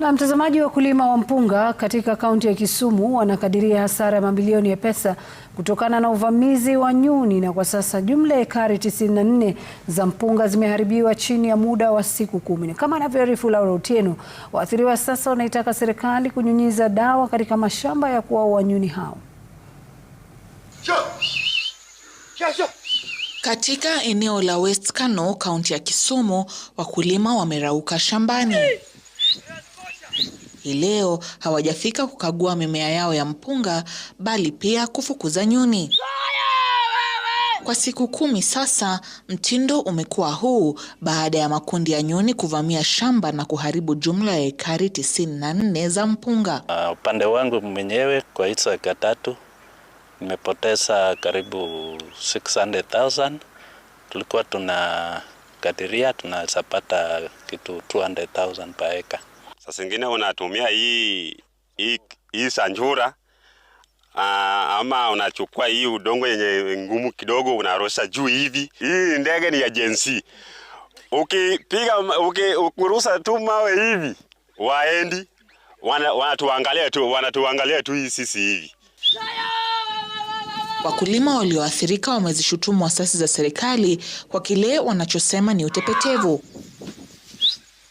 Na mtazamaji, wakulima wa mpunga katika kaunti ya Kisumu wanakadiria hasara ya mamilioni ya pesa kutokana na uvamizi wa nyuni, na kwa sasa jumla ya ekari 94 za mpunga zimeharibiwa chini ya muda wa siku kumi. Kama anavyoarifu Laura Otieno, waathiriwa sasa wanaitaka serikali kunyunyiza dawa katika mashamba ya kuwaua nyuni hao. Katika eneo la West Kano, kaunti ya Kisumu, wakulima wamerauka shambani hii leo hawajafika kukagua mimea yao ya mpunga bali pia kufukuza nyuni. Kwa siku kumi sasa, mtindo umekuwa huu baada ya makundi ya nyuni kuvamia shamba na kuharibu jumla ya ekari tisini na nne za mpunga. Ah, upande uh, wangu mwenyewe kwa hizo eka tatu nimepoteza karibu 600,000. Tulikuwa tunakadiria tunaweza pata kitu 200,000 per sasa zingine unatumia hii hii sanjura uh, ama unachukua hii udongo yenye ngumu kidogo unarusha juu hivi. Hii ndege ni ya jensi, ukipiga ukirusa tu mawe hivi waendi wanatuangalia tu wanatuangalia tu hii sisi hivi. Wakulima walioathirika wamezishutumu asasi za serikali kwa kile wanachosema ni utepetevu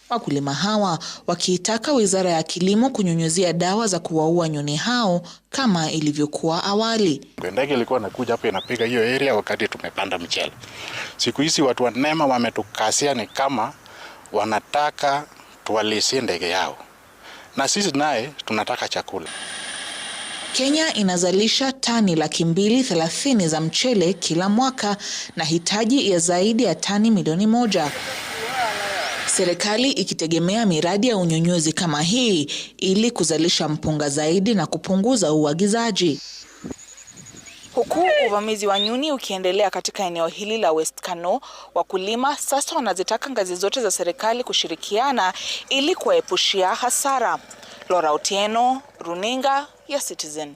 wakulima hawa wakiitaka Wizara ya Kilimo kunyunyuzia dawa za kuwaua nyuni hao kama ilivyokuwa awali. Ndege ilikuwa inakuja hapo inapiga hiyo area wakati tumepanda mchele. Siku hizi watu wa NEMA wametukasia ni kama wanataka tuwalisie ndege yao, na sisi naye tunataka chakula. Kenya inazalisha tani laki mbili thelathini za mchele kila mwaka na hitaji ya zaidi ya tani milioni moja serikali ikitegemea miradi ya unyunyuzi kama hii ili kuzalisha mpunga zaidi na kupunguza uagizaji. Huku uvamizi wa nyuni ukiendelea katika eneo hili la West Kano, wakulima sasa wanazitaka ngazi zote za serikali kushirikiana ili kuwaepushia hasara. Laura Otieno, Runinga ya Citizen.